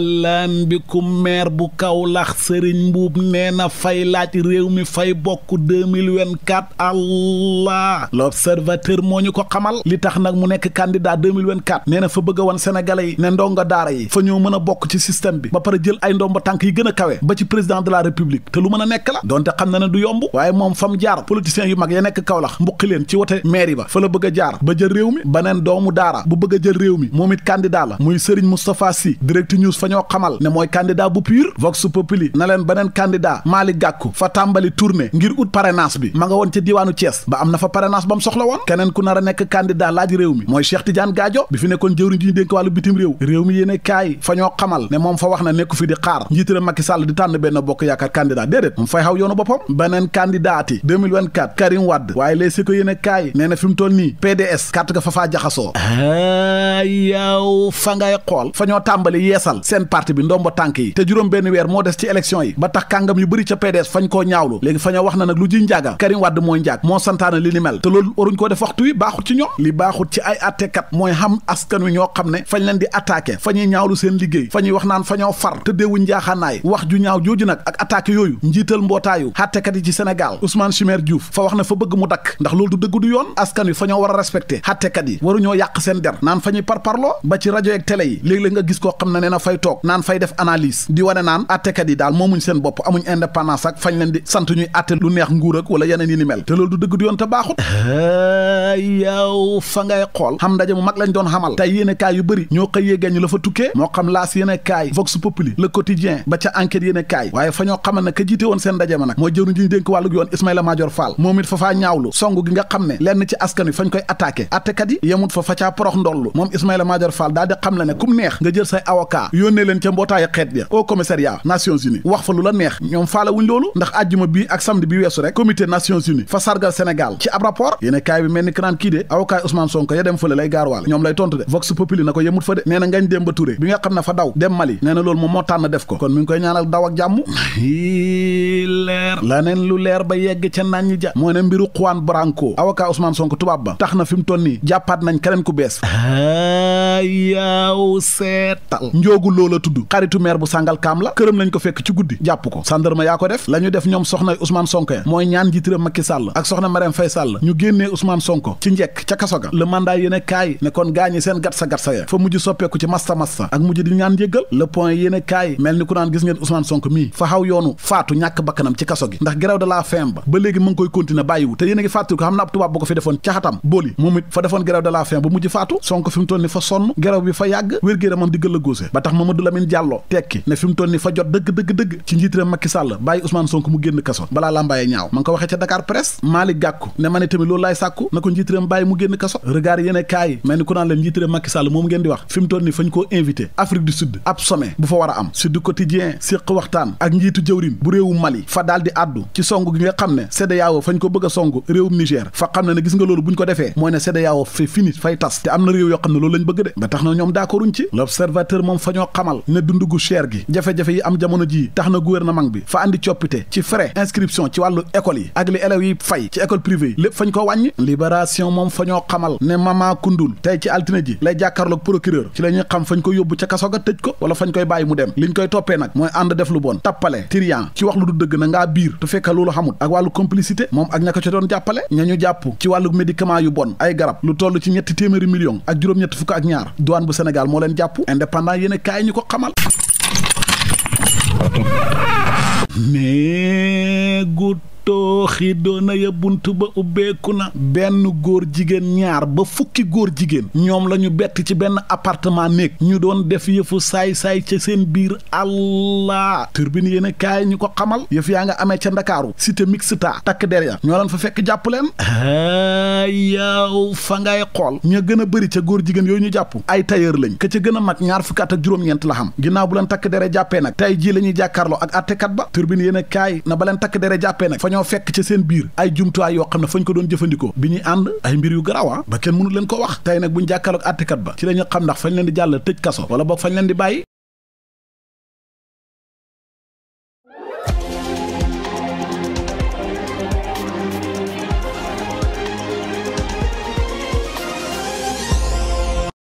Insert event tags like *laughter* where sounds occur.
ahlan bikum maire bu Kaolack Serigne Mbuub nee na fay laaj réew mi fay bokk 2024 allah l'observateur moo ñu ko xamal li tax nag mu nekk candidat 2024 nee na fa bëgg a wan sénégalais yi ne ndongo daara yi fa ñoo mën a bokk ci système bi ba pare jël ay ndomba tànk yi gën a kawe ba ci président de la république te lu mën a nekk la donte xam na ne du yomb waaye moom fam jaar politiciens yu mag ya nekk Kaolack mbuqi leen ci wote maire ba fa la bëgg a jaar ba mi baneen doomu bëgg a jël réew mi moom it candidat ñoo xamal ne mooy candidat bu pur vox populi na leen beneen candidat fa tàmbali tournée ngir ut parrainage bi ma nga woon ca diiwaanu Thiès ba am na fa parrainage ba mu soxla woon keneen ku nar a nekk candidat laaj réew mi mooy Cheikh Tidiane Gadio bi fi nekkoon jëwriñ ji ñu dénk wàllu bitim réew réew mi yéene kaay fa ñoo xamal ne moom fa wax na nekku fi di xaar njiitëra Macky Sall di tànn benn bokk yaakaar candidat déedéet moom fay xaw yoonu boppam beneen candidat yi ga fa faa jaxasoo yow fa seen parti bi ndomba tànk yi te juróom benn weer moo des ci élection yi ba tax kàngam yu bëri ca PDS fañ koo ñaawlu léegi fañoo wax na nag lu ji njaaga Karim Wade mooy njaag moo santaane li ni mel te loolu waruñ ko def waxtu wi baaxut ci ñoom li baaxut ci ay attekat mooy xam askan wi ñoo xam ne fañ leen di attaqué fa ñaawlu seen liggéey fa wax naan fa far te njaaxaanaay wax ju ñaaw jooju nag ak attaqué yooyu njiital mbootaayu attekat yi ci Sénégal Ousmane Chimère a toog naan fay def analyse di wane naan attekat yi daal moomuñ seen bopp amuñ indépendance ak fañ leen di sant ñuy atte lu neex nguur ak yeneen yi ni mel te loolu du dëgg du yoon te baaxut yow fa ngay xool xam ndaje mu mag lañ doon xamal tey yéene kaay yu bëri ñoo xëy yéegañ la fa tukkee moo xam laas yéene kaay vox populi le quotidien ba ca enquête yéene kaay waaye fa ñoo xamal ne ka woon seen ndaje ma nag mooy jëwriñ dénk wàllug gi nga xam génne leen ca mbootaayu xeet ya au commissariat nations na ko yemut fa de nee na ngañ dem ba Touré bi nga xam ne fa daw dem Mali nee na loolu moom moo tànn def ko kon mi ngi koy ñaanal daw ak jàmm *laughs* leer la neen lu leer ba yegg ca naan ñi ja moo ne mbiru Juan Branco avocat Ousmane Sonko tubaab ba tax na fi mu nii jàppaat nañ keneen ku bees ah, yaaw seetal njoogu loolu la xaritu maire bu sàngal kaam la këram lañ ko fekk ci guddi jàpp ko sandarma yaa ko def la def ñoom soxna Ousmane Sonko ya mooy ñaan njiitiram Macky Sall ak soxna Marème Faye Sall ñu génnee Ousmane Sonko ci njekk ca kaso ga le mandat yéene kaay ne kon gaañi seen gat sa gat sa ya fa mujj soppeeku ci masta masta ak mujj di ñaan jéggal le point yéene kaay mel ni ku naan gis ngeen Ousmane Sonko mii fa xaw yoonu faatu ñàkk bakkanam ci kaso gi ndax grève de a Abdou Lamine tekki ne fi mu ni fa jot dëgg dëgg dëgg ci njiiteram Macky Sall bàyyi Ousmane Sonko mu génn kaso balaa làmbaayee ñaaw ma ko waxee ca Dakar Presse Malick Gakou ne ma tamit loolu laay sàkku na ko njiiteram bàyyi mu génn kaso regard yéene kaay ni ku naan leen njiiteram Macky Sall moom ngeen di wax fi mu toll ni fañ koo invité Afrique du Sud ab sommet bu fa war a am Sud Quotidien séq waxtaan ak njiitu jëwrin bu réewu Mali fa daal di ci song a xamal ne dund gu cher gi jafe-jafe yi am jamono ji tax na gouvernement bi fa andi coppite ci frais inscription ci wàllu école yi ak li élèves yi fay ci école privée yi lépp fañ ko wàññi libération moom fa ñoo xamal ne mama kundul tey ci altine ji lay jàkkaarloog procureur ci la ñuy xam fañ ko yóbbu ca kaso ga tëj ko wala fañ koy bàyyi mu dem liñ koy toppee nag mooy ànd def lu bon tappale tiriyan ci wax lu du dëgg na ngaa biir te fekka loolu xamut ak wàllu complicité moom ak ña ko ca doon jàppale ña ñu jàpp ci wàllu médicament ñu ko xamal mais tooxi doona ya bunt ba ubbeeku na benn góor jigéen ñaar ba fukki góor jigéen ñoom la ñu bett ci benn appartement néeg ñu doon def yëfu saay-saay ca seen biir allah turbine yéen a ñu ko xamal yëf yaa nga amee ca ndakaaru cité mixta takk der ya ñoo leen fa fekk jàpp leen yaw fa ngay xool ña gën a bëri ca góor jigéen yooyu ñu jàpp ay tailleur lañ ka ca gën mag ñaar fukki ak juróom-ñeent la xam ginnaaw bu leen takk dere jàppee nag tey jii la ñuy jàkkaarloo ak attekat ba a kaay na ba leen takk dere ñoo fekk ci seen biir ay jumtuwaay yoo xam ne fañ ko doon jëfandikoo bi ñuy ànd ay mbir yu garaaw ah, ba kenn mënu leen ko wax tey nag buñ jàkkaarloog àttekat ba ci la ñu xam ndax fañ leen di jàll tëj kaso wala boog fañ leen di bàyyi